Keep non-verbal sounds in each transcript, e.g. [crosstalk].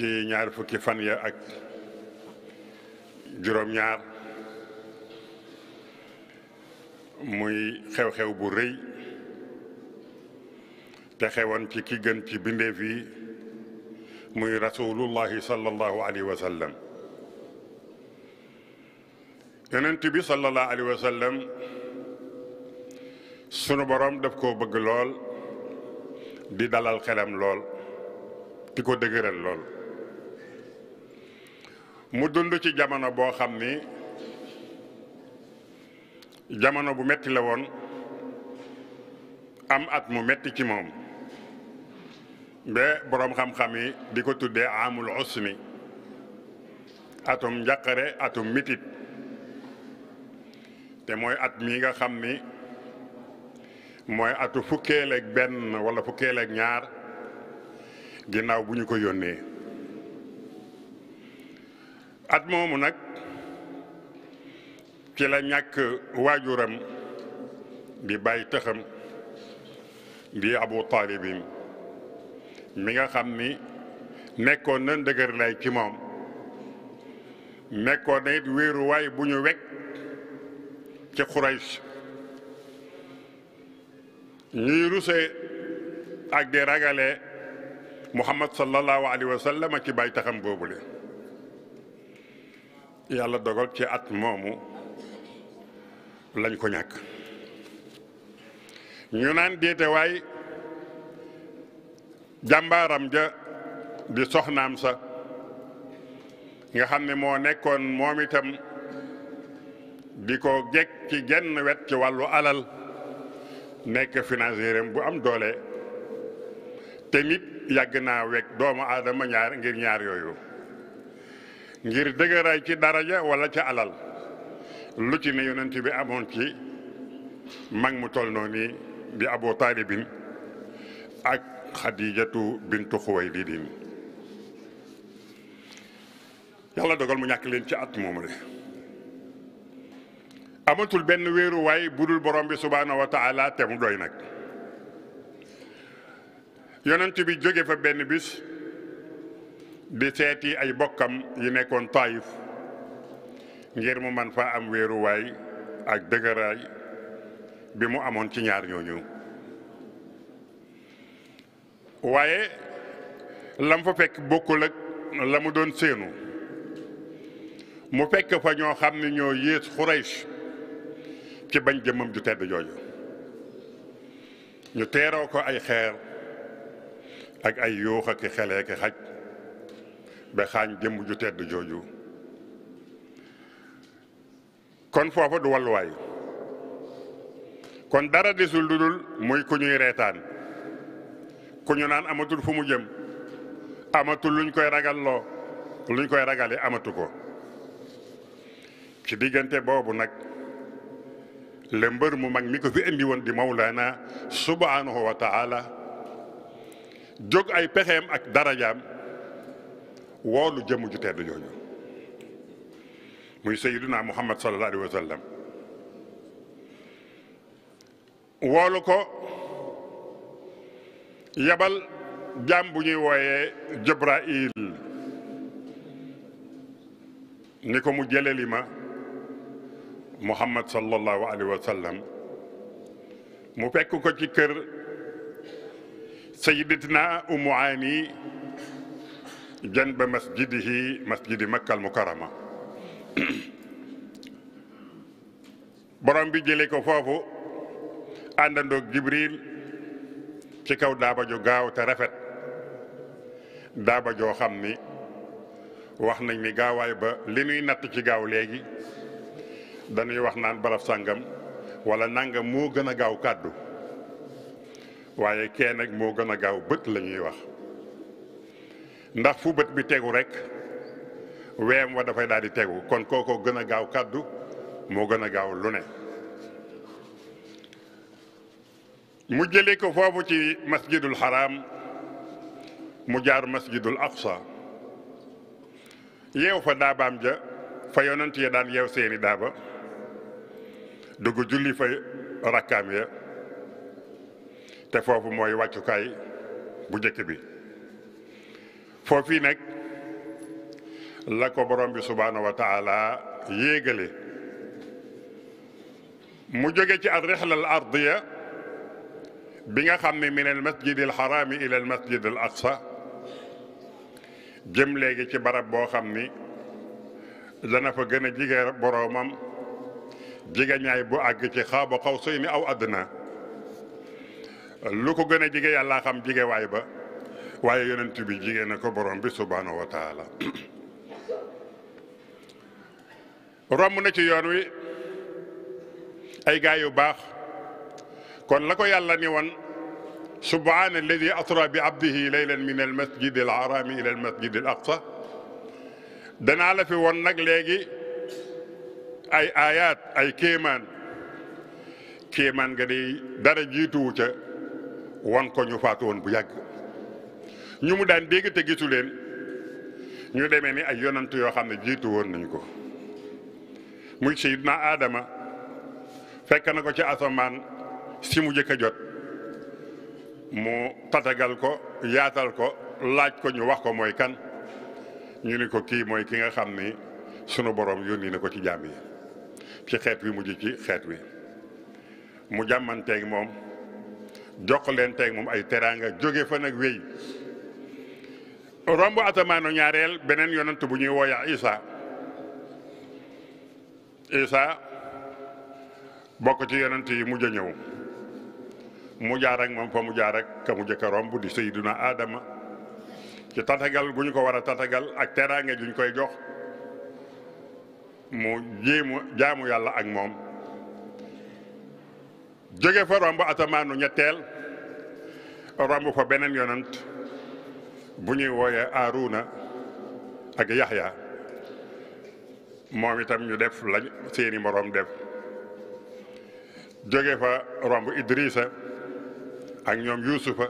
ci ñaar fukki fan yi ak juróom-ñaar muy xew-xew bu rëy te xewoon ci ki gën ci bindeef yi muy rasulullahi sallallahu alayhi wa sallam yonent bi sallallahu alayhi wa sallam sunu borom def koo bëgg lool di dalal xelem lool di ko dëgëral lool mu dund ci jamono boo xam ni jamono bu metti la woon am at mu metti ci moom ba boroom xam-xam yi di ko tuddee amul atum njàqare atum mitit te mooy at mii nga xam ni mooy atu fukkeel ak benn wala fukkeel ak ñaar ginnaaw bu ñu ko yónnee at moomu nag ci la ñàkk waajuram bi bàyyi tëxam bi abu taalibin mi nga xam ni nekkoon na ndëgër lay ci moom nekkoon na it wéeruwaay bu ñu wekk ci Quraysh ñuy rusee ak di ragale Muhammad sallallahu alayhi wa sallam ci bàyyi taxam boobule yàlla dogal ci at moomu lañ ko ñag ñu naan déete waay jàmbaaram ja di soxnaam sa nga xam ne moo nekkoon moom itam di ko jekk ci genn wet ci wàllu alal nekk financieram bu am doole te nit yàgg naa wekk doomu aadama ñaar ngir ñaar yooyu ngir dëgëraay ci daraja wala ca alal lu ci ne yonent bi amoon ci mag mu toll noonu bi Abu bin ak Xadijatu bintu Xuwaylidin yàlla dogal mu ñàkk leen ci at moom le amatul benn wéeruwaay budul borom bi subhaanahu wa taala te mu doy nag yonent bi jóge fa benn bis di seeti ay bokkam yi nekkoon Taif ngir mu man fa am wéeruwaay ak dëgëraay bi mu amoon ci ñaar ñooñu waaye lam fa fekk bokkul ak la mu doon seenu mu fekk fa ñoo xam ne ñoo yées ci bañ jëmmam ju tedd jooju ñu teeroo ko ay xeer ak ay yuux ak xeleeki xaj ba xaañ jëmm ju tedd jooju kon foofa du walluwaay kon dara desul lu dul muy ku ñuy reetaan ku naan amatul fu mu jëm amatul luñ koy ragal loo luñ koy ragale amatu ko ci diggante boobu nag la mbër mu mag mi ko fi indi di Mawlana subhanahu wa taala jóg ay pexeem ak darajaam woolu jëmm ju tedd jooju muy sayyiduna muhammad sallallahu alayhi wa sallam woolu ko yabal jaam bu ñuy wooyee jibrail ni ko mu jëleli ma mu sallallahu alayhi wa sallam mu fekk ko ci kër sayyidatina umu aani janba masjidihi masjidi makkal mu karama [coughs] borom bi jële ko foofu àndandoog jibril ci kaw daaba ju gaaw te rafet daaba joo xam ni wax nañ ni gaawaay ba li nuy natt ci gaaw léegi dañuy wax naan baraf sàngam wala nangam moo gën a gaaw kàddu waaye kee nag moo gën a gaaw bët lañuy wax ndax fu bët bi tegu rek weem wa dafay daal di tegu kon kookoo gën a gaaw kàddu moo gën a gaaw lu ne mu jëlee ko foofu ci masjidul xaraam mu jaar masjidul aqsa yeew fa daabaam ja fa yonent ya daan yeew seeni daaba dugg julli fa rakkaam ya te foofu mooy wàccukaay bu jëkk bi fofi nak la ko borom bi subhanahu wa taala yegale mu jóge ci ar rihla al ardiya bi nga xamne min al masjid al haram ila al masjid al aqsa jëm legi ci barab bo xamni ni dana fa gëna jige boromam jige ñaay bu ag ci khaba xaw aw adna lu ko gëna jige yalla xam jige way ba waaye yonent bi jigee na ko borom bi subhanahu wa taala [clears throat] romb na ci yoon wi ay gaa yu baax kon la ko yàlla ni woon سبحان الذي أسرى بعبده ليلا من المسجد الحرام إلى المسجد الأقصى دنا على في ونك لجي أي آيات أي كيمان كيمان غري درجيتو تا ونكو نيو فاتون ñu mu daan dégg te leen ñu deme ni ay yonant yoo xam ne jiitu woon nañ ko muy Seydina Adama fekk na ko ci asamaan si mu jëkk jot mu tatagal ko yaatal ko laaj ko ñu wax ko mooy kan ñu ni ko kii mooy ki nga xam ni sunu borom yónni na ko ci jaam yi ci xeet wi mujj ci xeet wi mu jàmmanteeg moom jox leen teeg moom ay teraanga jóge fa nag wéy romb asamaanu ñaareel beneen yonent bu ñuy wooya Isa Isa bokk ci yonent yi mujj a ñëw mu jaar ak moom fa mu ka mu jëkk a romb di Seydina Adama ci tatagal gu ko war a tatagal ak teraange ju koy jox mu jéemu jaamu yàlla ak moom jóge fa romb asamaanu ñetteel romb fa beneen yonent bu ñuy wooyee Aruna ak Yaxya moom itam ñu def lañ seeni moroom def jóge fa romb idrisa ak ñoom Yuusufa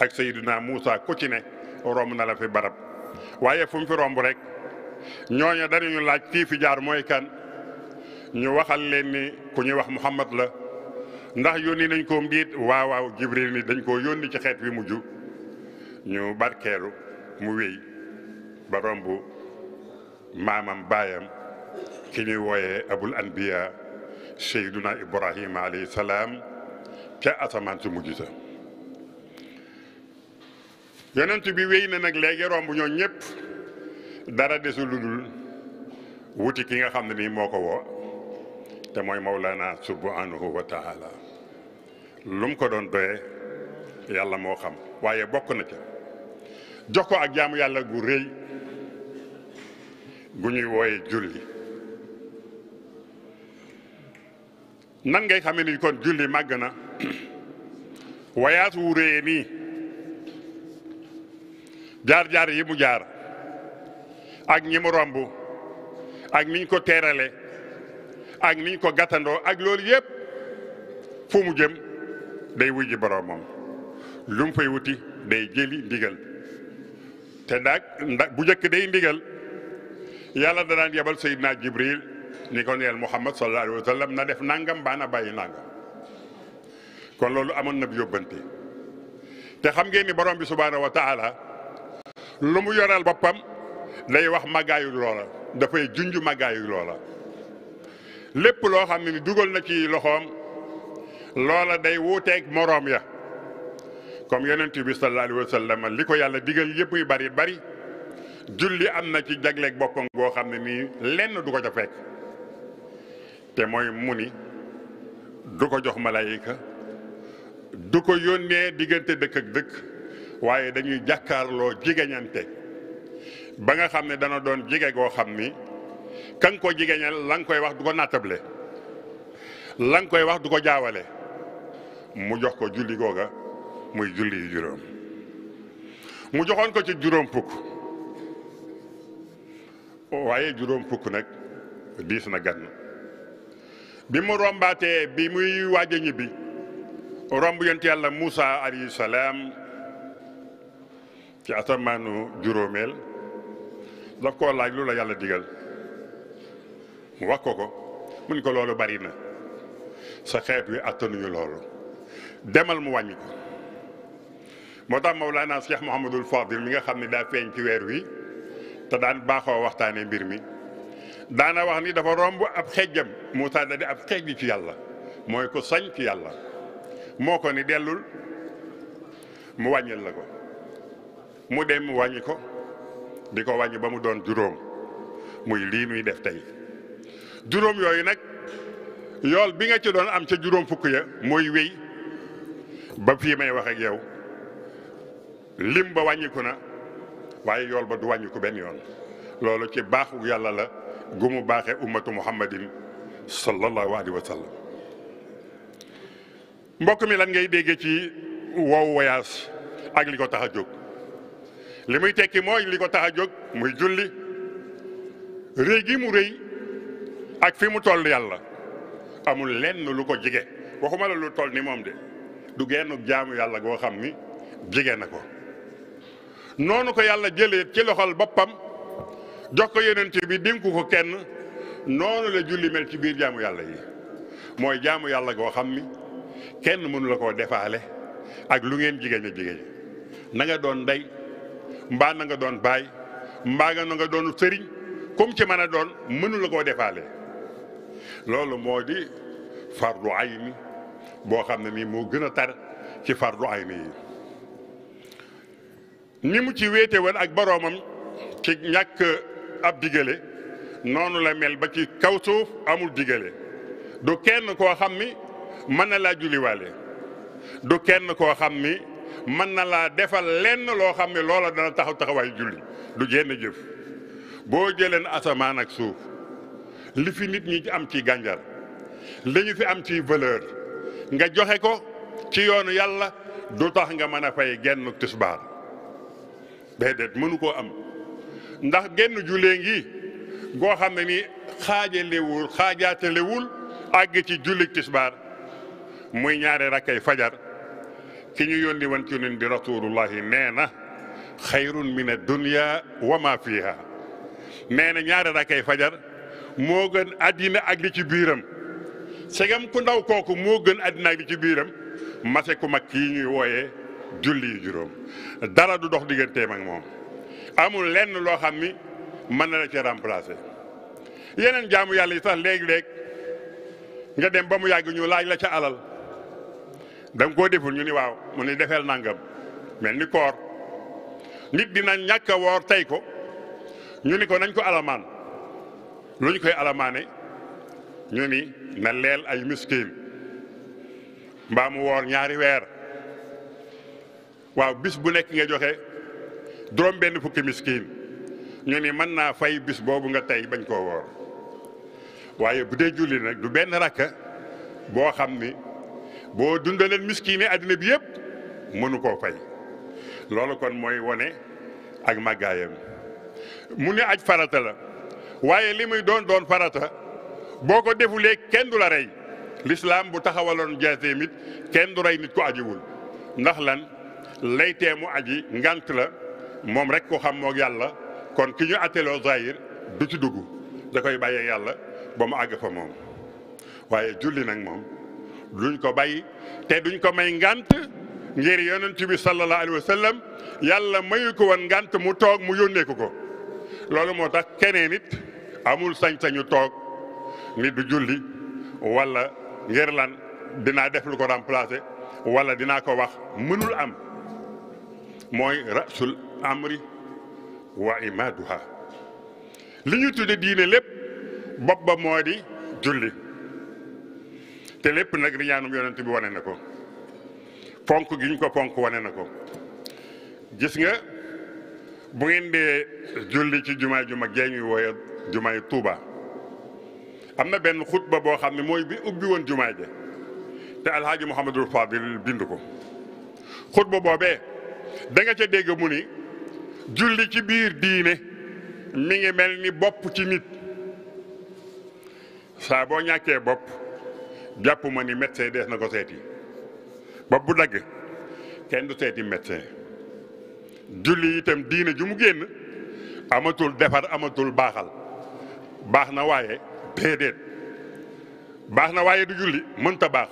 ak Seydina Muusa ku ci ne romb na fi barab waaye fu fi romb rek ñooñu dañuy laaj kii fi jaar mooy kan ñu waxal leen ni ku ñuy wax Muhammad la ndax yónni nañ ko mbiit waaw waaw Jibril dañ koo yónni ci xeet wi mujj ñu barkeelu mu wéy ba romb maamam baayam ki ñuy woye abul anbiya seyduna ibrahima alayhi salaam ca asamaan su mujj sa yonent bi wéy na nag léegi romb ñoo ñëpp dara desu ludul wuti ki nga xam ne nii moo ko woo te mooy mawlana subhanahu wa taala lu ko doon doyee yàlla moo xam waaye bokk na ca jox ko ak jaamu yàlla gu rëy gu ñuy wooye julli nan ngay xamee ni kon julli màgg na wayaas [clears throat] wu réyee nii jaar-jaar yi mu jaar ak ñi mu romb ak niñ ko teerale ak niñ ko gàttandoo ak loolu yëpp fu mu jëm day wujji boroomam lu mu fay wuti day jëli ndigal te nag ndax bu njëkk day ndigal yàlla danaan yebal Seydina Jibril ni ko neel Muhammad sallallahu alayhi na def nangam baa na bàyyi nangam kon loolu amoon na yóbbante te xam ngeen ni borom bi subhaanahu wa taala lu mu yoral boppam day wax màggaayu loola dafay junj màggaayu loola lépp loo xam ne ni dugal na ci loxoom loola day wuuteeg moroom ya comme yonent bi sallallahu alayhi wa li ko yàlla digal yëpp yu bari bari julli am na ci jagleeg boppam goo xam ne nii lenn du ko ca te mooy mu du ko jox malayika du ko yónnee diggante dëkk ak dëkk waaye dañuy jàkkaarloo jigeñante ba nga xam ne dana doon jige goo xam ni kan nga ko jigeñal la nga koy wax du ko nattable la koy wax du ko jaawale mu jox ko julli googa muy julli yu juróom mu joxoon ko ci juróom fukk waaye juróom fukk nag diis na gan bi mu rombaatee bi muy waaj a ñibbi romb yonent yàlla Muusa alayhi salaam ci asamaanu juróomeel daf koo lu la yàlla digal mu wax ko ko mun ko loolu bari na sa xeet wi attanuñu loolu demal mu wàññi ko moo tax maw Mawlana Cheikh Mouhamadul Fadil mi nga xam ne daa feeñ ci weer wi te daan baaxoo waxtaanee mbir mi daana wax ni dafa romb ab xejjam Moussa da di ab xejj ci yàlla mooy ko sañ ci yàlla moo ko ni dellul mu wàññil la ko mu dem mu wàññi ko di ko wàññi ba mu doon juróom muy lii nuy def tey juróom yooyu nag yool bi nga ci doon am ca juróom fukk ya mooy wéy ba fii may wax yow lim ba wàññiku na waaye yool ba du wàññiku benn yoon loolu ci baaxu yàlla la gu mu baaxee ummatu muhammadin sallallahu alayhi wa sallam mbokk mi lan ngay déggee ci wow voyage ak li ko tax a jóg li muy tekki mooy li ko tax a jóg muy julli réegi mu rëy ak fi mu toll yàlla amul lenn lu ko jige waxuma la lu toll ni moom de du genn jaamu yàlla goo xam ni jige na ko noonu ko yàlla jëlee ci loxol boppam jox ko yeneen yonent bi dénku ko kenn noonu la julli mel ci biir jaamu yàlla yi mooy jaamu yàlla goo xam ni kenn mënu la koo defaale ak lu ngeen jigéen a jigéen nanga doon ndey mbaa na nga doon baay mbaa nga doon sëriñ comme ci mën doon mënula koo defaale loolu moo di fardu ayni boo xam ne nii moo gën a tar ci fardu ayni yi ni mu ci wéete woon ak boroomam ci ñàkk ab digale noonu la mel ba ci kaw suuf amul digale du kenn koo xam ni mën na laa julliwaale du kenn koo xam ni mën na laa defal lenn loo xam ne loola dana taxaw taxawaayu julli du jenn jëf boo jëleen asamaan ak suuf li fi nit ñi am ci gànjar li fi am ci valeur nga joxe ko ci yoonu yàlla du tax nga mën a fay genn tisbaar déedéet mënu koo am ndax genn jullee ngi goo xam ne ni xaajalewul xaajaatalewul àgg ci jullik tisbaar muy ñaari rakkay fajar ki ñu yónni woon ci yonent bi rasulullahi na xayrun min ad-dunya wa ma fiha nee na ñaari rakkay fajar moo gën addina ak li ci biiram segam ku ndaw kooku moo gën addina ak li ci biiram mase ku mag kii ñuy julli yu juróom dara du dox digënté mak mom amul lenn lo xamni man na la ci remplacer yenen jaamu yalla yi sax leg leg nga dem ba mu yag ñu laaj la ci alal dang ko deful ñu ni waaw mu ni defel nangam melni koor nit dina ñaka wor tay ko ñu ni ko nañ ko alaman luñ koy alamané ñu ni na leel ay miskeen ba mu wor ñaari waaw bis bu nekk nga joxe juróom benn fukki miskiin ñu ni mën naa fay bis boobu nga tey bañ koo woor waaye bu dee julli nag du benn rakka boo xam ni boo dundaleen miskiin yi àddina bi yëpp mënu koo fay loolu kon mooy wone ak màggaayam mu ne aj farata la waaye li muy doon doon farata boo ko defulee kenn du la rey lislaam bu taxawaloon jaasee mit kenn du rey nit ko ajiwul ndax lan laytee mu aji ngant la moom rek ko xam moog yàlla kon ki ñu atteloo zahir du ci dugg da koy bàyyee yàlla ba mu àgg fa moom waaye julli nag moom duñ ko bàyyi te duñ ko may ngant ngir yonent bi sallallahu alayhi wa sallam yàlla mayu ko woon ngant mu toog mu yónneeku ko loolu moo tax keneen it amul sañ-sañu toog nit du julli walla ngir lan dinaa def lu ko remplacer wala dinaa ko wax mënul am mooy rasul amri wa imaduha li ñu tudde diine lépp bopp ba moo di julli te lépp nag riñaanum yonent bi wane na ko ponk gi ñu ko ponk wane na ko gis nga bu ngeen dee julli ci jumaa juma mag jee ñuy wooye Tuuba am na benn xutba boo xam ne mooy bi ubbi woon jumaa ja te alhaaji Muhammadul Fadil bind ko xutba boobee danga ca dégg mu ni julli ci biir diine mi ngi mel ni bopp ci nit saa boo ñàkkee bopp jàpp ni médecin dees na ko seeti bopp bu dagg kenn du seeti médecin julli itam diine ju mu génn amatul defar amatul baaxal baax na waaye déedéet baax na waaye du julli mënta baax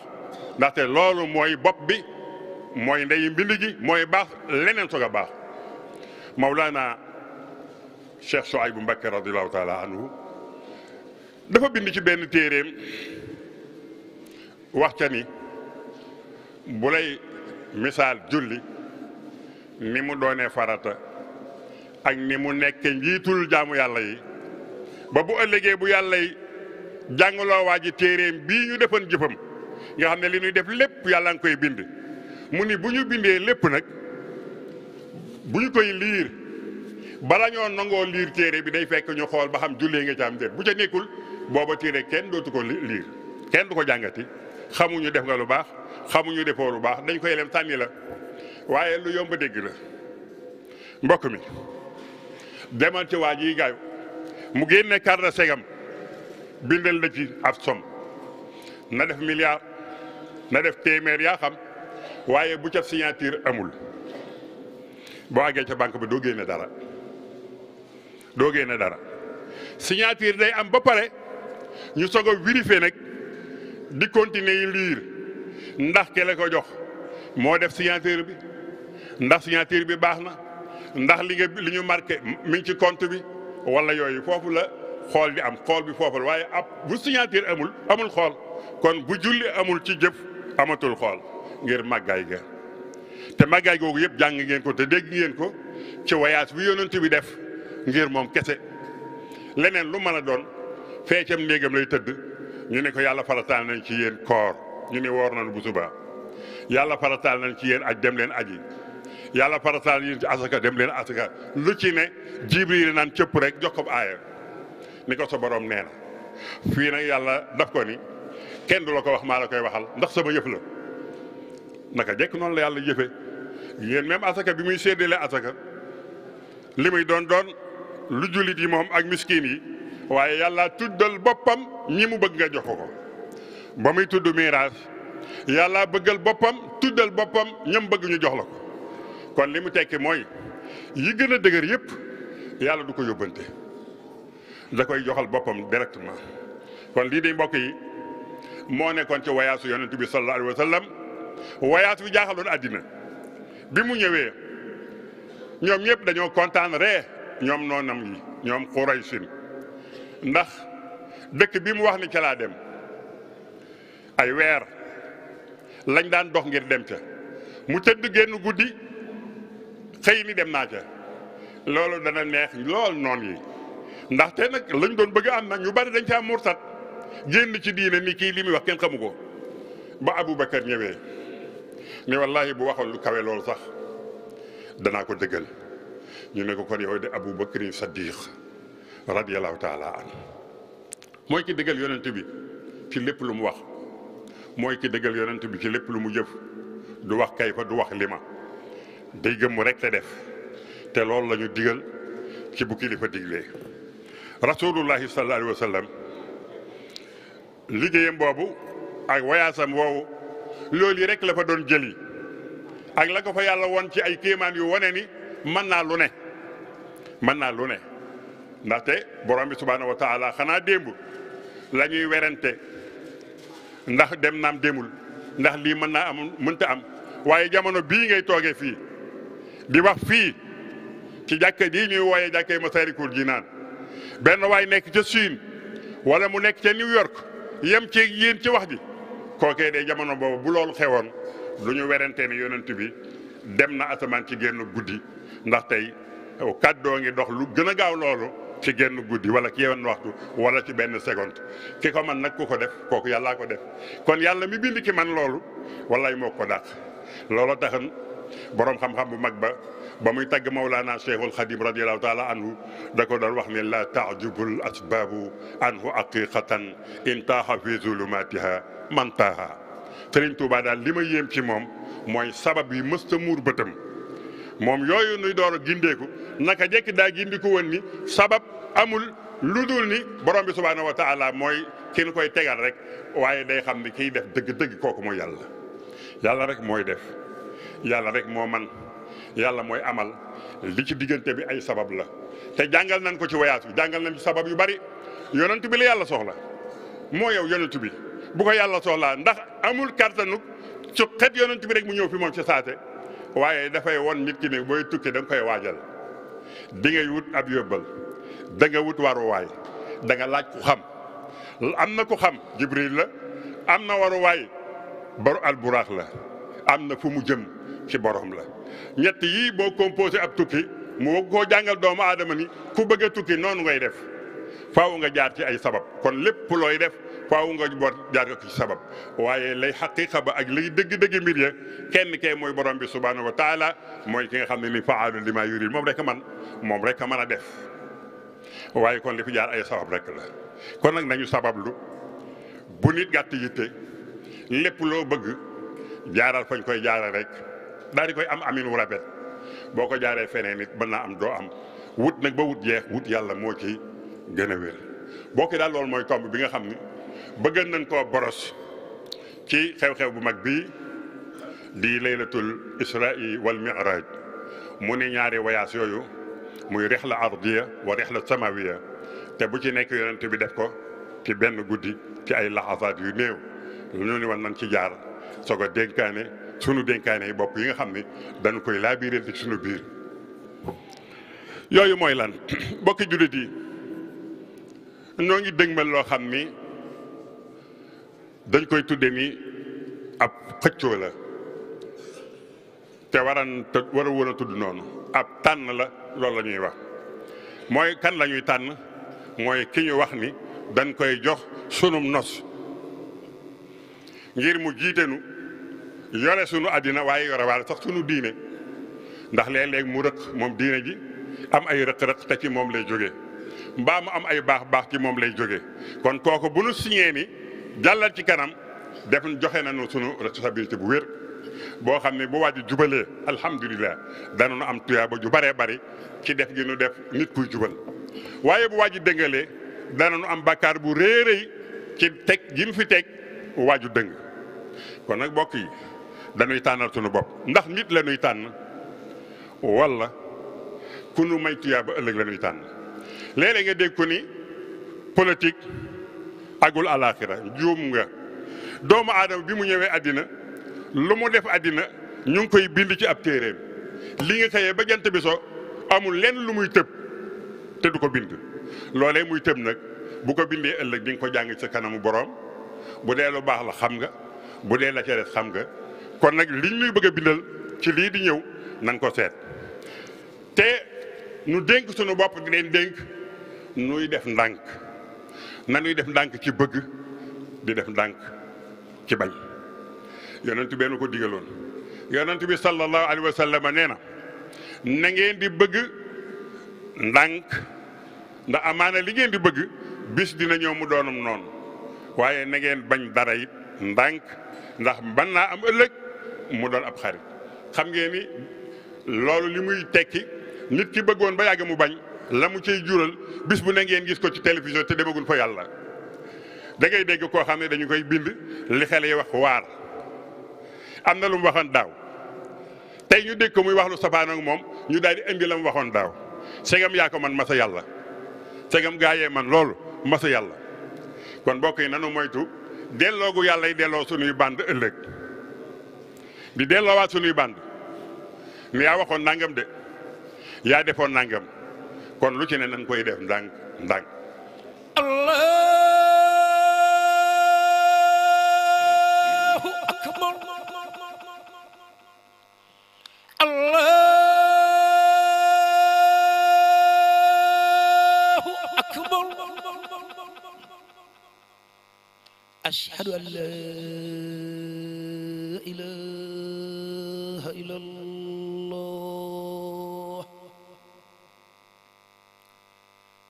ndaxte loolu mooy bopp bi mooy ndeyu mbind gi mooy baax leneen soog a baax Mawlana Cheikh Souaïbou Mbacké radiallahu taala anhu dafa bind ci benn téeréem wax ca ni bu lay misaal julli ni mu doone farata ak ni mu nekke njiitul jaamu yàlla yi ba bu ëllëgee bu yàlla yi jàngaloo waa ji téeréem bii ñu defan jëfam nga xam ne li ñuy def lépp yàlla nga koy bind mu ni bu ñu bindee lépp nag bu ñu koy liir bala ñoo nangoo liir téere bi day fekk ñu xool ba xam jullee nga ci am déet bu ca nekkul booba téere kenn dootu ko liir kenn du ko jàngati xamuñu def nga lu baax xamuñu defoo lu baax dañ koy lem sànni la waaye lu yomb dégg la mbokk mi demal ci waa ji gaayu mu génne carte segam bindal la ci ab som na def milliard na def téeméer yaa xam waaye bu ca signature amul boo àggee ca banque ba doo génne dara doo génne dara signature day am ba pare ñu soog a vérifier nag di continuer yi liir ndax ke la ko jox moo def signature bi ndax signature bi baax na ndax li nga li ñu marqué mi ci compte bi wala yooyu foofu la xool di am xool bi foofu la waaye ab bu signature amul amul xool kon bu julli amul ci jëf amatul xool ngir màggaay ga te màggaay googu yëpp jàng ngeen ko te dégg ngeen ko ci wayaas bi yonent bi def ngir moom kese leneen lu mën a doon feecam néegam lay tëdd ñu ne ko yàlla farataal nañ ci yéen koor ñu ne woor nañ bu subaa yàlla farataal nañ ci yéen aj dem leen aji yàlla farataal yéen ci asaka dem leen asaka lu ci ne jibril naan cëpp rek jox ko aaya ni ko sa borom nee na yàlla daf ko ni kenn du la ko wax maa la koy waxal ndax sama yëpp la naka jekk noonu la yàlla jëfe yéen même asaka bi muy séddale asaka li muy doon doon lu jullit yi moom ak miskin yi waaye yàlla tuddal boppam ñi mu bëgg nga jox ko ba muy tudd miraas yàlla bëggal boppam tuddal boppam ñam bëgg ñu jox la ko kon li mu tekki mooy yi gën a dëgër yépp yàlla du ko yóbbante da koy joxal boppam directement kon lii day mbokk yi moo nekkoon ci wayaasu yonent bi sallallahu alayhi wa woyaat wi jaaxaloon àddina bi mu ñëwee ñoom ñëpp dañoo kontaan ree ñoom noonam yi ñoom Quraysin ndax dëkk bi mu wax ni ca laa dem ay weer lañ daan dox ngir dem ca mu tëdd génn guddi xëy ni dem naa ca loolu dana neex lool noon yi ndaxte nag lañ doon bëgg am na ñu bari dañ caa murtat génn ci diine ni kii li muy wax kenn xamu ko ba Aboubacar ñëwee ne wallahi bu waxal lu kawe lol sax dana ko deugal ñu ne ko kon yow de abou bakr Saddiq radiyallahu taala an moy ki deugal yonent bi ci lépp lu mu wax moy ki deugal yonent bi ci lépp lu mu jëf du wax kayfa du wax lima day gëm rek la def te lol lañu digël ci bu kilifa diglé rasulullah sallallahu alayhi wasallam ligéyam bobu ak wayasam wowo loolu rek la fa doon jëli ak la ko fa yàlla won ci ay kéemaan yu wane ni mën naa lu ne mën naa lu ne ndaxte borom bi subhaanahu wa taala xanaa démb la ñuy werante ndax dem naam demul ndax lii mën naa am mënta am waaye jamono bii ngay tooge fii di wax fii ci jàkka ji ñuy wooyee jàkkay Masaalikul naan benn waay nekk ca Chine walla mu nekk ca New York yem ci yéen ci wax ji kookee de jamono boobu bu loolu xewoon lu ñu werantee ne yonent bi dem na asamaan ci génn guddi ndax tey kàddoo ngi dox lu gën a gaaw loolu ci genn guddi wala ci yenn waxtu wala ci benn seconde ki ko man nag ku ko def kooku yàllaa ko def kon yàlla mi bind ki man loolu wallaay moo ko dàq looloo taxan boroom xam-xam bu mag ba ba muy tagg Mawlana Cheikhul Xadim radiallahu taala anhu da ko doon wax ne la taajubul asbaabu anhu aqiqatan intaaha fi zulumatiha man taaha Sëriñ Tuubaa daal li ma yéem ci moom mooy sabab yi mësta muur bëtam moom yooyu nuy door a gindeeku naka jekki daa gindiku woon ni sabab amul lu dul ni borom bi subhaanahu wa taala mooy ki nu koy tegal rek waaye day xam ni kiy def dëgg-dëgg kooku mooy yàlla yàlla rek mooy def yàlla rek moo man yàlla mooy amal li ci diggante bi ay sabab la te jàngal nañ ko ci wayaat bi jàngal nañ ci sabab yu bari yonent bi la yàlla soxla moo yow yonent bi bu ko yàlla soxlaa ndax amul kàttanu ci xet yonent bi rek mu ñëw fi moom ci saate waaye dafay won nit ki ne booy tukki da nga koy waajal di ngay wut ab yóbbal da nga wut waruwaay da nga laaj ku xam am ku xam jibril la am na waruwaay baru alburaax la am fu mu jëm ci borom la ñett yi boo composé ab tukki mu wog koo jàngal doomu aadama ni ku bëgg a tukki noonu ngay def faaw nga jaar ci ay sabab kon lépp looy def faaw nga boot jaar ko ci sabab waaye lay xaqiqa ba ak lay dëgg-dëgg mbir ya kenn kee mooy borom bi subhaanahu wa taala mooy ki nga xam ne ni faalu li maa moom rek a man moom rek a mën a def waaye kon li jaar ay sabab rek la kon nag nañu sabablu lu nit gàtt yitte lépp loo bëgg jaaral foñ koy jaaral rek dari koy am amin wu rafet boo ko jaaree feneen it mën naa am do am wut nak ba wut jeex wut yàlla mo ci gëna wér boo ko daal moy tomb bi nga xamni ni nañ ko boros ci xew-xew bu mag bi di laylatul isra'i wal mi'raj mu ne ñaari wayas yoyu muy rihla ardiya wa rihla samawiya te bu ci nekk yonent bi def ko ci benn guddi ci ay lahafat yu néew lu ñu ni woon nañ ci jaar soko ko dénkaane sunu dénkaane bopp yi nga xam ni dañ koy laabirante ci sunu biir yooyu mooy lan [clears throat] bokki jullit yi ñoo loo xam ni dañ koy tudde ni ab xëccoo la te waran te war a tudd noonu ab tànn la lool la ñuy wax mooy kan lañuy tànn mooy ki ñu wax ni dañ koy jox sunum nos ngir mu jiitenu yore sunu àddina waaye yore waale sax sunu diine ndax léeg-léeg mu rëq moom diine ji am ay rëq-rëq te ci moom lay jóge mbaa mu am ay baax baax ci moom lay jógee kon kooku bu nu signé ni jàllal ci kanam def joxe nañu sunu responsabilité bu wér boo xam ne bu wàaji jubalee alhamdulilah danañu am tuyaaba ju baree bari ci def gi nu def nit kuy jubal waaye bu wàaji dëngalee danañu am bakkaar bu réeréy ci teg gi mu fi teg waaju dëng kon nag bokk yi danuy tànnal sunu bopp ndax nit la ñuy tànn wala ku nu may tuyaaba ëllëg la ñuy tànn léeg nga dégg ko ni politique agul alaaxira juum nga doomu aadama bi mu ñëwee àddina lu mu def àddina ñu ngi koy bind ci ab téeréem li nga xëyee ba jant bi so amul leen lu muy tëb te du ko bind loolee muy tëb nag bu ko bindee ëllëg di ko jàng ci sa kanamu boroom bu dee lu baax la xam nga bu dee la ca des xam nga kon nag liñ ñuy bëgg a bindal ci lii di ñëw nan ko seet te nu dénk suñu bopp di leen dénk nuy def ndànk nanuy def ndànk ci bëgg di def ndànk ci bañ yonent benn ko digaloon yonent bi sallallahu alayhi wa sallam nee na na di bëgg ndànk ndax amaana li ngeen di bëgg bis dina ñëw mu doonum noonu waaye na ngeen bañ dara it ndànk ndax mën am ëllëg mu doon ab xarit xam ngeen ni loolu li muy tekki nit ki bëggoon ba yàgg mu bañ la mu ciy jural bis bu ne ngeen gis ko ci télévision te demagul fa yàlla dangay dégg koo xam ne dañu koy bind li xale yi wax waar am na lu mu waxoon daaw tey ñu dégg ko muy wax lu safaan moom ñu daal di indi la mu waxoon daaw segam yaa ko man masa yàlla segam gaayee man loolu masa yàlla kon mbokk yi nanu moytu delloogu yàlla yi delloo sunuy bànd ëllëg di delloowaat sunuy band mais yaa waxoon nangam de yaa defoon nangam kon lu ci ne nañ koy def ndànk ndànk allahu akbar allahu akbar ashhadu an la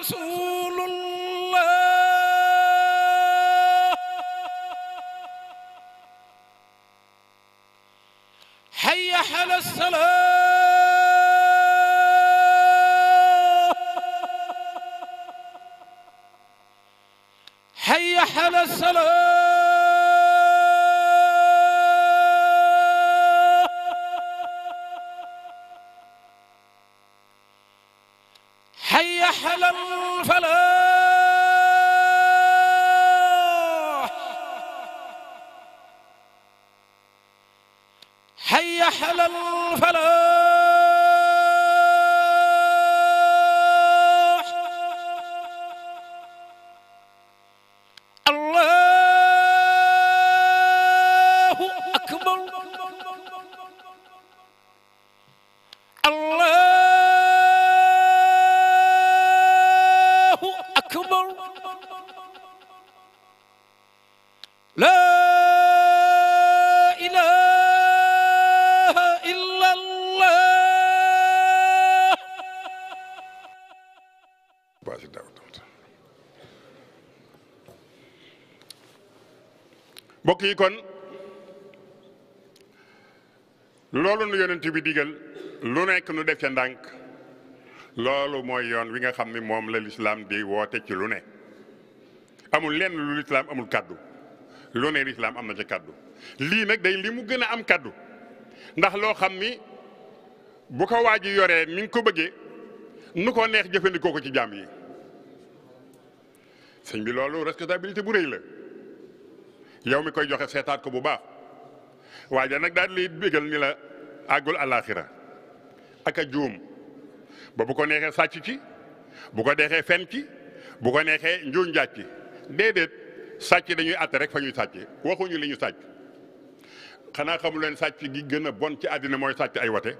رسول الله حي على الصلاة حي على الصلاة yi kon loolu nu yonent bi digal lu nekk nu def ca ndànk loolu mooy yoon wi nga xam ni moom la lislaam di woote ci lu ne amul lenn lu lislaam amul kàddu lu ne lislaam am na ca kàddu lii nag day lii mu gën a am kàddu ndax loo xam ni bu ko waa ji yoree ni nga ko bëggee nu ko neex jëfandikoo ko ci jàmm yi sëñ bi loolu responsabilité bu rëy la yow mi koy joxe seetaat ko bu baax waa waaye nag daal lay bégal ni la àggul àllaaxira ak a juum ba bu ko neexee sàcc ci bu ko neexee fen ci bu ko neexee njuuñ njaaj ci déedéet sàcc dañuy àtte rek fa ñuy sàcc waxuñu li ñu sàcc xanaa xamu leen sàcc gi gën a bon ci àddina mooy sàcc ay wate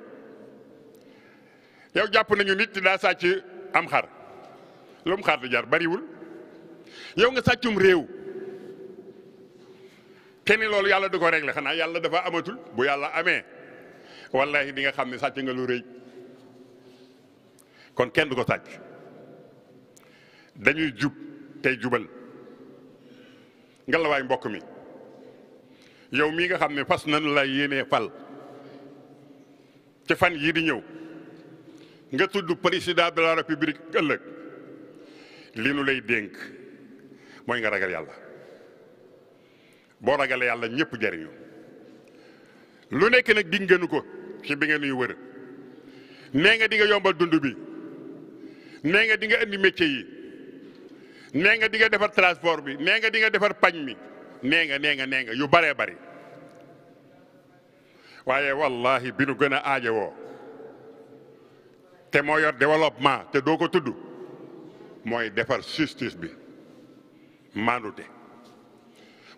yow jàpp nañu nit daa sàcc am xar lu xar di jar bariwul yow nga sàccum réew te ni loolu yàlla du ko réglé xanaa yàlla dafa amatul bu yàlla amee wallahi di nga xam ne sàcc nga lu rëy kon kenn du ko sàcc dañuy jub tey jubal nga lawaay mbokk mi yow mii nga xam ne fas nanu la yéenee fal ci fan yii di ñëw nga tudd président de la république ëllëg li nu lay dénk mooy nga ragal yàlla boo ragalee yàlla ñëpp jariñu lu nekk nag dig ngeen ko ci bi ngeen ñuy wër nee nga di nga yombal dund bi nee nga di nga indi métier yi nee nga dinga defar transport bi nee nga di nga defar pañ mi nee nga nee nga nee nga yu baree bari waaye wallahi bi nu gën a woo te moo yor développement te doo ko tudd mooy defar sustis bi maandute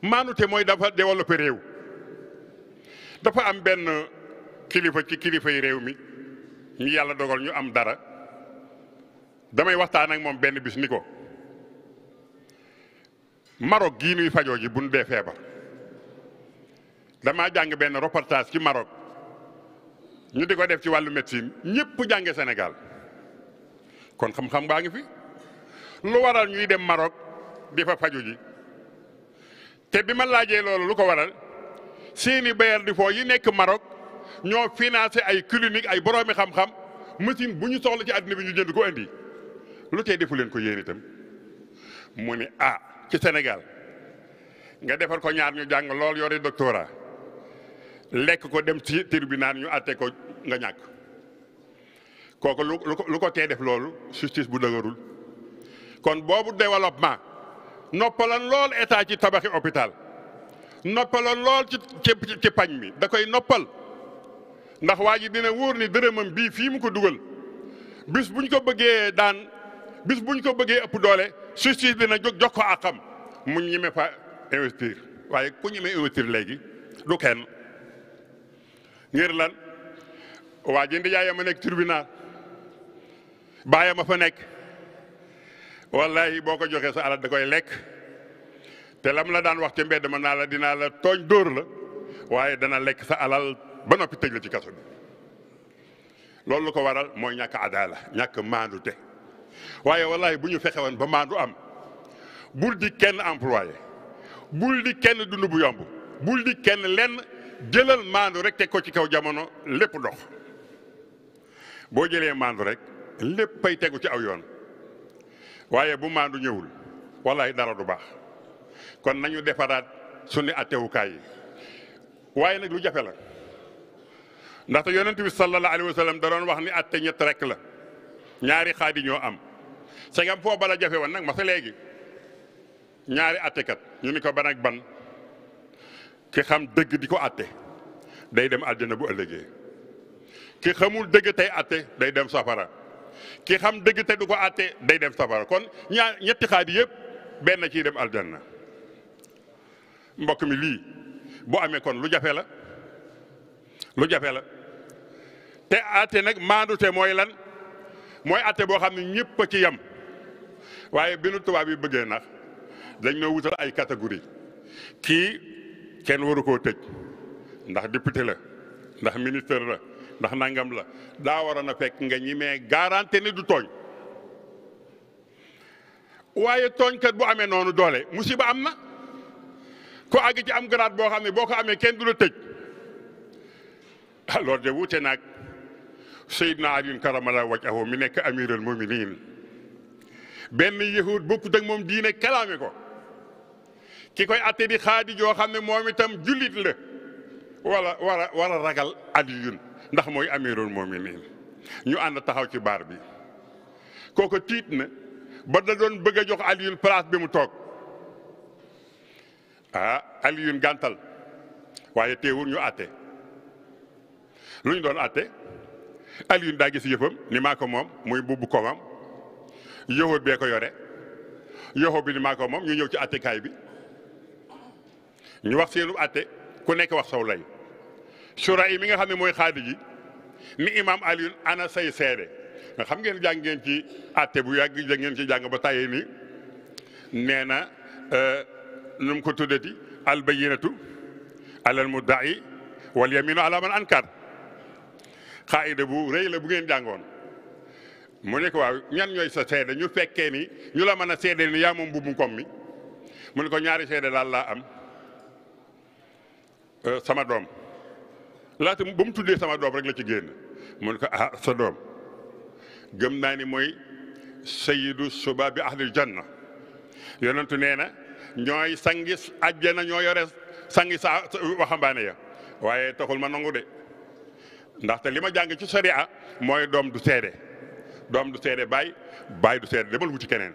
maanute mooy dafa développé réew dafa am benn kilifa ci kilifay réew mi ñu yàlla dogal ñu am dara damay waxtaan ak moom benn bis ni ko Maroc gii nuy ji buñ dee feebar dama jàng benn reportage ci Maroc ñu di ko def ci wàllu médecine ñëpp jànge Sénégal kon xam-xam baa ngi fi lu waral ñuy dem Maroc di fa ji te bi ma laajee loolu lu ko waral seeni bailleur di yi nekk Maroc ñoo financé ay clinique ay boroomi xam-xam machine bu ñu soxla ci àddina bi ñu jënd ko indi lu te defu leen ko yéen itam mu ne ah ci Sénégal nga defar ko ñaar ñu jàng lool yore doctorat lekk ko dem ci tribunal ñu àtte ko nga ñàkk kooku lu lu ko tee def loolu justice bu dëgërul kon boobu développement. noppalan lool état ci tabaxi hôpital noppalan lool ci pañ mi da koy noppal ndax waa ji dina wóor ni dërëmam bii fii mu ko dugal bis buñ ko bëggee daan bis buñ ko bëggee ëpp doole justice dina jog jox ko àqam mu ñime fa investir waaye ku ñime investir léegi du kenn ngir lan waa ji ndi yaayam a nekk tribunal baayam a fa nekk wallahi boo ko joxee sa alal da koy lekk te lam la daan wax ca mbedd ma naa la dinaa la tooñ dóor la waaye dana lekk sa alal ba noppi tëj la ci kaso bi loolu lu ko waral mooy ñàkk adaala ñàkk maandu te waaye wallahi bu ñu fexe woon ba maandu am bul di kenn employé bul di kenn dund bu yomb bul di kenn lenn jëlal maandu rek teg ko ci kaw jamono lépp dox boo jëlee maandu rek lépp ay tegu ci aw yoon waaye bu maandu ñëwul wallahi dara du baax kon nañu defaraat suñu attewukaay yi waaye nag lu jafe la ndaxte yonent bi sallallahu alayhi wa daroon wax ni atte ñett rek la ñaari xaadi am segam foo bala jafe woon nag masa léegi ñaari attekat ñu ni ko ban ban ki xam dëgg di ko atte day dem àjjana bu ëllëgee ki xamul dëgg tey atte day dem safara ki xam dëgg te du ko àtte day dem safara kon ñaar ñetti xaaj yëpp benn ciy dem aljanna mbokk mi lii boo amee kon lu jafe la lu jafe la te àtte nag maandute mooy lan mooy àtte boo xam ne ñëpp ci yem waaye bi tubaab yi bëggee nax dañ noo wutal ay catégorie kii kenn waru koo tëj ndax député la ndax ministre la ndax nangam la daa waroon a fekk nga ñi mais garanti ni du tooñ waaye tooñkat bu amee noonu doole musiba am na ko àgg ci am garaat boo xam ne boo ko amee kenn du la tëj alors de wuute nag Seydina Aliyun karamallaahu wajhahu mi nekk amirul muminin benn yahud bokkut ak moom diine kalaame ko ki koy atte di xaadi joo xam ne moom itam jullit la wala war a war ragal Aliyun ndax mooy amirul muminin ñu ànd taxaw ci baar bi kooku tiit na ba da doon bëgg a jox Aliyun place bi mu toog ah Aliyun gàntal waaye teewul ñu àtte lu ñu doon àtte Aliyun daa gis yëfam ni maa moom muy bubb komam yowóot bee ko yore yoxoo bi ni maa moom ñu ñëw ci àttekaay bi ñu wax seenu àtte ku nekk wax saw lay sura yi mi nga xam ne mooy xaadi ji ni imam Alioune ana say seede nga xam ngeen jàng ngeen ci atte bu yàgg da ngeen ci jàng ba tàyyi ni nee na eh, nu mu ko tuddati al bayyinatu alal mudda'i wal yaminu ala man ankar xaayida bu rëy la bu ngeen jàngoon mu ne ko waaw ñan ñooy sa seede ñu fekkee ni ñu la mën a seede ni yaa moom mbubu kom mi mu ne ko ñaari seede daal laa am eh, sama doom laata ba mu tuddee sama doom rek la ci génn mu ne ko ah sa doom gëm naa ni mooy sayidu suba bi ahlil janna yonentu nee na ñooy sangi àjjana ñoo yore sangi sa waxambaane ya waaye taxul ma nangu de ndaxte li ma jàng ci a mooy doom du seede doom du seede baay baay du seede demal wuti keneen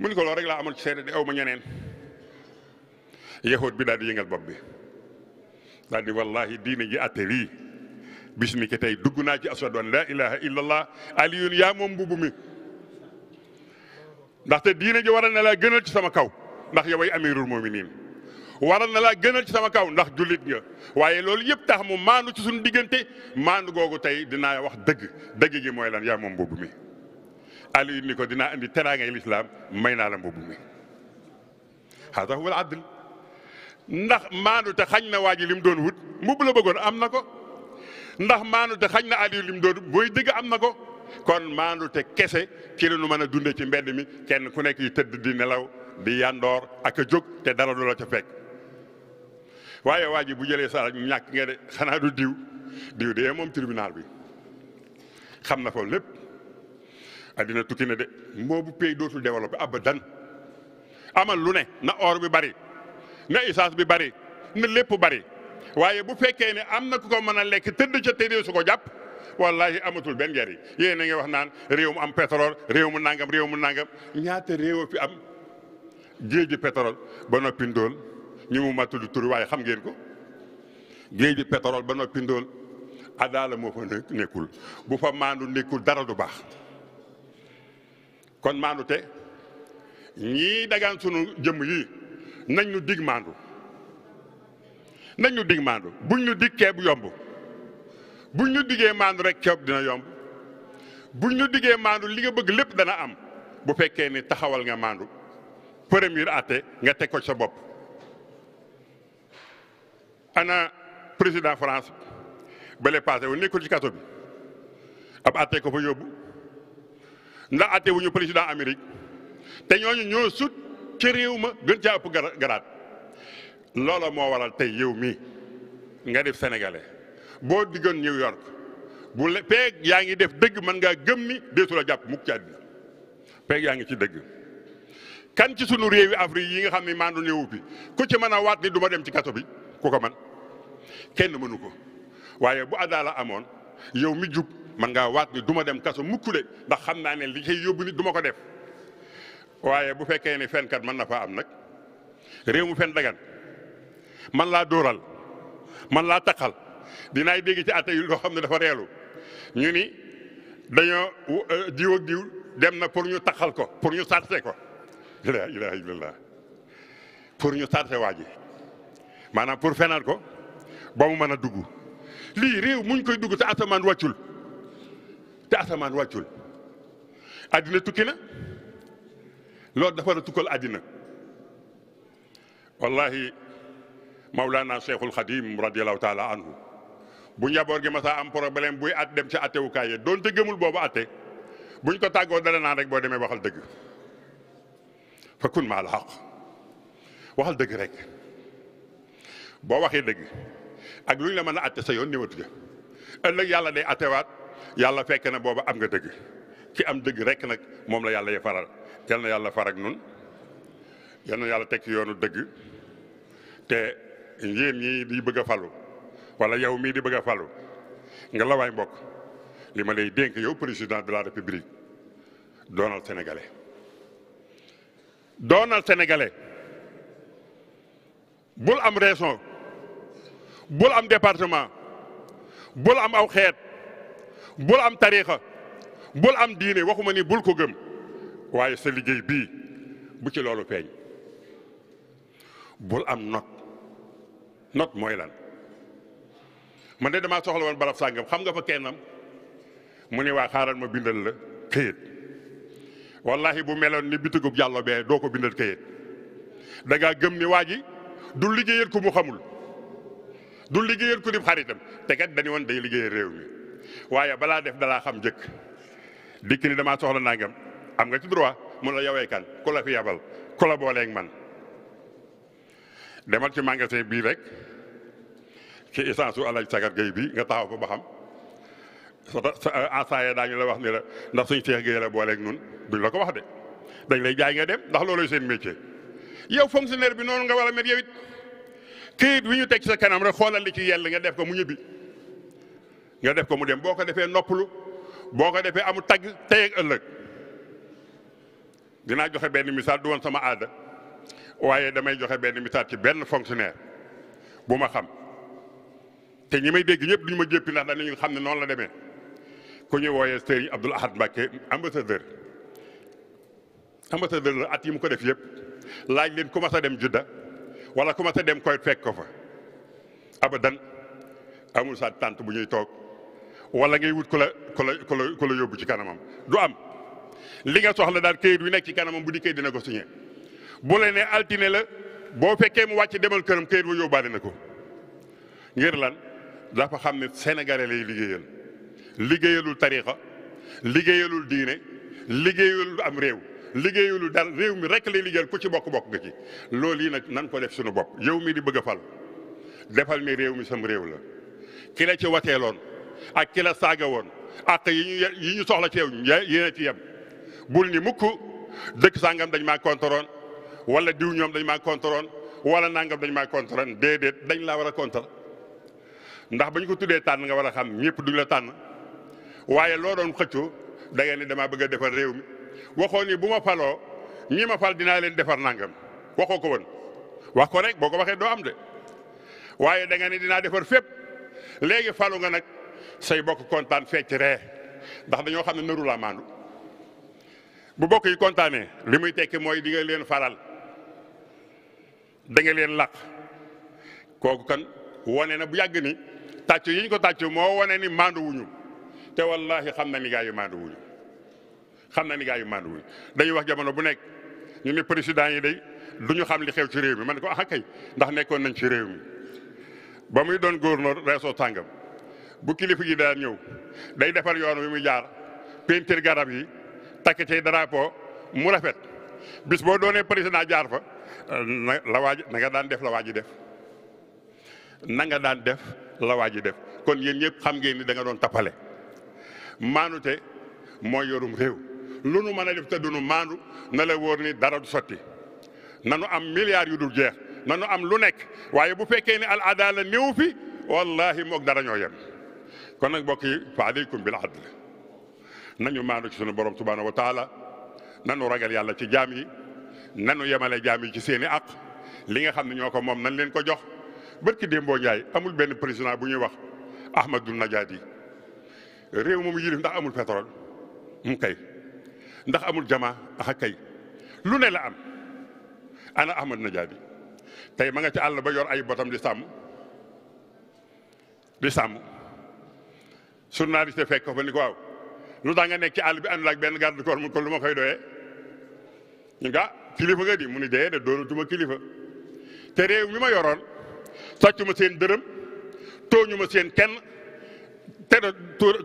mun ko loolu rek laa amoon ci seede de aw ma ñeneen yahud bi daal di yëngal bopp bi daal di wallahi diine ji atte lii bis ni ki tey dugg naa ci asadu an laa ilaha illallah aliyun yaa moom mbubu mi ndaxte diine ji waral na laa gënal ci sama kaw ndax yow ay amirul muminin waral na laa gënal ci sama kaw ndax julit nga waaye loolu yëpp tax mu maandu ci suñu diggante maandu googu tey dinaa wax dëgg dëgg gi mooy yaa moom mbubu mi aliyun ni ko dinaa andi teraangay lislaam may naa la mbubu mi hada huwa ndax maandu te xañ na waa ji lim doon wut mbubb la bëggoon am na ko ndax maandu te xañ na Aliou lim doon booy dëgg am na ko kon maandu te kese ci la ñu mën a dundee ci mbedd mi kenn ku nekk yi tëdd di nelaw di yandoor ak a jóg te dara du la ca fekk. waaye waa bu jëlee sa ñàkk nga de xanaa du diw diw de moom tribunal bi xam na foofu lépp addina tukki na de moo bu pays dootul développé abadan amal lu ne na or bi bari. na essence bi bari na lépp bari waaye bu fekkee ne am na ku ko mën a lekk tëdd ca tëddee su ko jàpp wallahi amatul benn njariñ yéen a ngi wax naan réew mu am pétrole réew mu nangam réew mu nangam ñaata réew fi am géeju pétrole ba noppi ndóol ñu mu matul tur waaye xam ngeen ko géeju pétrole ba noppi moo fa nekkul bu fa maandu nekkul dara du baax kon maandu te ñii dagaan sunu jëmm yii nañ ñu dig maandu nañ ñu dig maandu buñ ñu dig ceeb yomb buñ ñu diggee maandu rek ceeb dina yomb buñ ñu diggee maandu li nga bëgg lépp dana am bu fekkee ni taxawal nga maandu premier atte nga teg ko sa bopp. ana président France bale passé wu nekkul ci kaso bi ab atte ko fa yóbbu ndax atte wu ñu président Amérique te ñooñu ñoo sut. ca réew ma gën caa ëpp garaat loola moo waral tey yow mii nga def sénégalais boo diggoon New York bu le peeg yaa ngi def dëgg mën ngaa gëm mi deesu jàpp mukk ci àddina peeg yaa ngi ci dëgg kan ci sunu réew réewi Afrique yi nga xam ne maandu néewu bi ku ci mën a waat ni du ma dem ci kaso bi ku ko man kenn mënu ko waaye bu adaala amoon yow mi jub mën ngaa waat ni duma dem kaso mukk de ndax xam naa ne li koy yóbbu ni du ko def waye bu fekke ni kat man na fa am nak rew mu fen dagan man la doral man laa taqal dinaay dégg ci atte yi loo xam dafa relu ñu ni dañoo euh, diw ak diw dem na pour ñu takal ko pour ñu sarse ko la ilaha illallah pour ñu sarse waji manam pour fenal ko ba mu meuna duggu li rew muñ koy duggu ta asamaan wàccul ta adina tukina لود دفر تقول أدينا والله مولانا شيخ الخديم رضي الله تعالى عنه بني بورج مثلا أم بروبلم بوي أدم شيء أتى وكاية دون تجمل بابا أتى بني كتا قدر أنا رك بودي ما بخل دك فكون مع الحق وهل دك رك بابا خير دك أقولي لما أنا أتى سيون نيوتيا ألا يلا لي أتى وات يلا فكنا بابا أم قدك كي أم دك رك نك مملا يلا يفرر yal na yàlla far ak nun yal na yàlla teg ci yoonu dëgg te yéen ñii di bëgg a falu wala yow mii di bëgg a falu nga lawaay mbokk li ma lay dénk yow président de la république doonal sénégalais doonal sénégalais bul am région bul am département bul am aw xeet bul am tariixa bul am diine waxuma ni bul ko gëm waaye sa liggéey bii bu ci loolu feeñ bul am not not mooy lan ma de damaa soxla woon barab sàngam xam nga fa kennam mu ne waa xaaral ma bindal la këyit wallahi bu meloon ni bitugub jàllo bee doo ko bindal këyit da ngaa gëm ni waa ji du liggéeyal ku mu xamul du liggéeyal ku di xaritam te kat dañu woon day liggéeyal réew mi waaye balaa def dalaa xam njëkk dikk ni damaa soxla nangam am nga ci droit mu la yowee kan ku la fi yabal ku la man demal ci magasin bii rek ci essence su Alaaji Sagar Gueye bi nga taxaw fa ba xam sa ensaye daañu la wax ni la ndax suñ Seex Gueye la booleeg nun duñ la ko wax de dañ lay jaay nga dem ndax looloy seen métier yow fonctionnaire bi noonu nga war a met yow it këyit wi ñu teg sa kanam rek xoolal li ci yell nga def ko mu ñibbi nga def ko mu dem boo ko defee noppalu boo ko defee amu tagg tey ëllëg dina joxe ben misal du won sama aada waye damay joxe ben misal ci ben fonctionnaire buma xam te ñi may dégg ñëpp duñu ma jéppi ndax dañu xam ne noonu la deme ku ñu woyé Serigne Abdoul Ahad Mbacké ambassadeur ambassadeur la at yi mu ko def yëpp laaj leen ku ma sa dem Judda wala ku ma sa dem koy fekk ko fa abadan amul sa tante bu ñuy toog wala ngay wut ko la ko la ko la yóbbu ci kanamam du am. li nga soxla daal këyit wi nekk ci kanamam bu di këyit dina ko signé bu la nee altine la boo fekkee mu wàcc demal këram këyit wa yóbbaale na ko ngir lan dafa xam ne sénégalais lay liggéeyal liggéeyalul tariixa liggéeyalul diine liggéeyalul am réew liggéeyalul dara réew mi rekk lay liggéeyal ku ci bokk-bokk nga ci lool yi nag nan ko def suñu bopp yow mi di bëgg a fal defal mi réew mi sam réew la ki la ci wateeloon ak ki la saaga woon ak yi ñu soxla ci yow yéen a ci yem bul ni mukk dëkk sàngam dañ maa kontoroon wala diw ñoom dañ maa kontoroon wala nangam dañ maa kontoroon déedéet dañ laa war a kontor ndax ba ñu ko tuddee tànn nga war a xam ñëpp duñ la tànn waaye loo doon xëccoo da ngeen ni damaa bëgg a defar réew mi waxoo ni bu ma faloo ñi ma fal dinaa leen defar nangam waxoo ko woon wax ko rek boo ko waxee doo am de waaye da nga dinaa defar fépp léegi falu nga nag say bokk kontaan fecc ree ndax dañoo xam ne nëru laa maandu bu bokk yi kontaanee li muy tekki mooy di nga leen faral da leen làq kooku kan wane na bu yàgg ni tàcc yiñ ko tàcc moo wane ni maandu wuñu te wallahi xam na ni gaa yu maandu wuñu xam na ni yu maandu wuñu dañuy wax jamono bu nekk ñu ni président yi day duñu xam li xew ci réew mi man ko ah kay ndax nekkoon nañ ci réew mi ba muy doon gouverneur reesoo tàngam bu kilifa gi daan ñëw day defar yoon wi muy jaar peinture garab yi. takk cay drapeau mu rafet bis boo doonee président jaar fa na la waa na nga daan def la waa ji def na nga daan def la waa ji def kon yéen yëpp xam ngeen ni da nga doon tappale maanute mooy yorum réew lu nu mën a def te du nu maandu na la wóor dara du sotti nanu am milliards yu dul jeex nanu am lu nekk waaye bu fekkee ni al adala néew fi wallahi moog dara ñoo yem kon nag mbokk yi fa aleykum bil adl nañu maandu ci sunu borom subhaanahu wa taala nanu ragal yàlla ci jaam yi nanu yemale jaam yi ci seen i àq li nga xam ne ñoo ko moom nañ leen ko jox barki Dembo Ndiaye amul benn président bu ñuy wax Ahmadou Najadi réew moomu yilif ndax amul pétrole mu kay ndax amul jama axa kay lu ne la am ana Ahmad Najadi tey ma nga ci àll ba yor ay botam di sàmm di sàmm journaliste fekk ko fa ni ko waaw lu tax nga nekk ci àll bi àndul ak benn garde corps mu kon lu ma koy doyee ñu nga ah, kilifa nga di mu ne dee de doonatuma kilifa te réew mi ma yoroon sàccuma seen dërëm tooñuma seen kenn te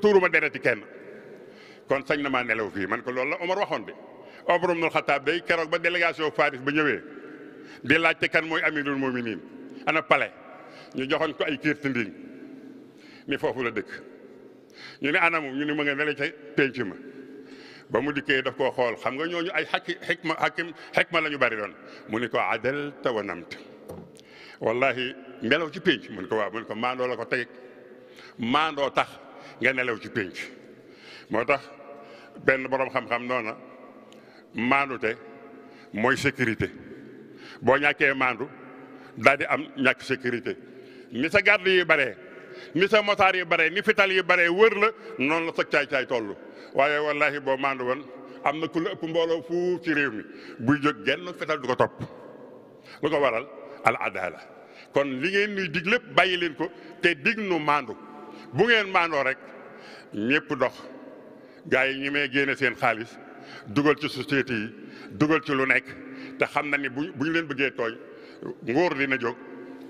tuuruma dereti kenn kon sañ na maa nelaw fii man ko loolu la Omar waxoon de Omar ibnul Xattaab day keroog ba délégation Faris ba ñëwee di laajte kan mooy amirul muminin ana pale ñu joxoon ko ay kiir tindiñ ni foofu la dëkk ñu ne anamu ñu ne ma nga nele ca penc ba mu dikkee daf koo xool xam nga ñooñu ay xakki xikma xakim xikma la ñu bari doon mu ni ko adal tawanamt wallahi nelaw ci penc mu ne ko waaw ko maandoo la ko teg maandoo tax nga nelaw ci penc moo tax benn boroom xam-xam noona maandute mooy sécurité boo ñàkkee maandu daal di am ñàkk sécurité ni sa garde yi bare ni sa mosaar yi bare ni fital yi bare wër la noonu la sa caay-caay toll waaye wallahi boo maandu woon am na ku la mbooloo fuuf ci réew mi buy jóg genn fetal du ko topp lu ko waral al adala kon li ngeen nuy dig lépp bàyyi leen ko te dig nu maandu bu ngeen maandoo rek ñépp dox gaa yi ñi may génne seen xaalis dugal ci société yi dugal ci lu nekk te xam na ni bu bu ñu leen bëggee tooñ nguur dina jóg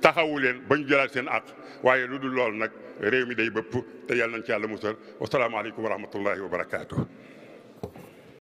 تحاولين بنجلسين أك ويا لودو لول نك ريمي داي بب تيال نتشال مصر والسلام عليكم ورحمة الله وبركاته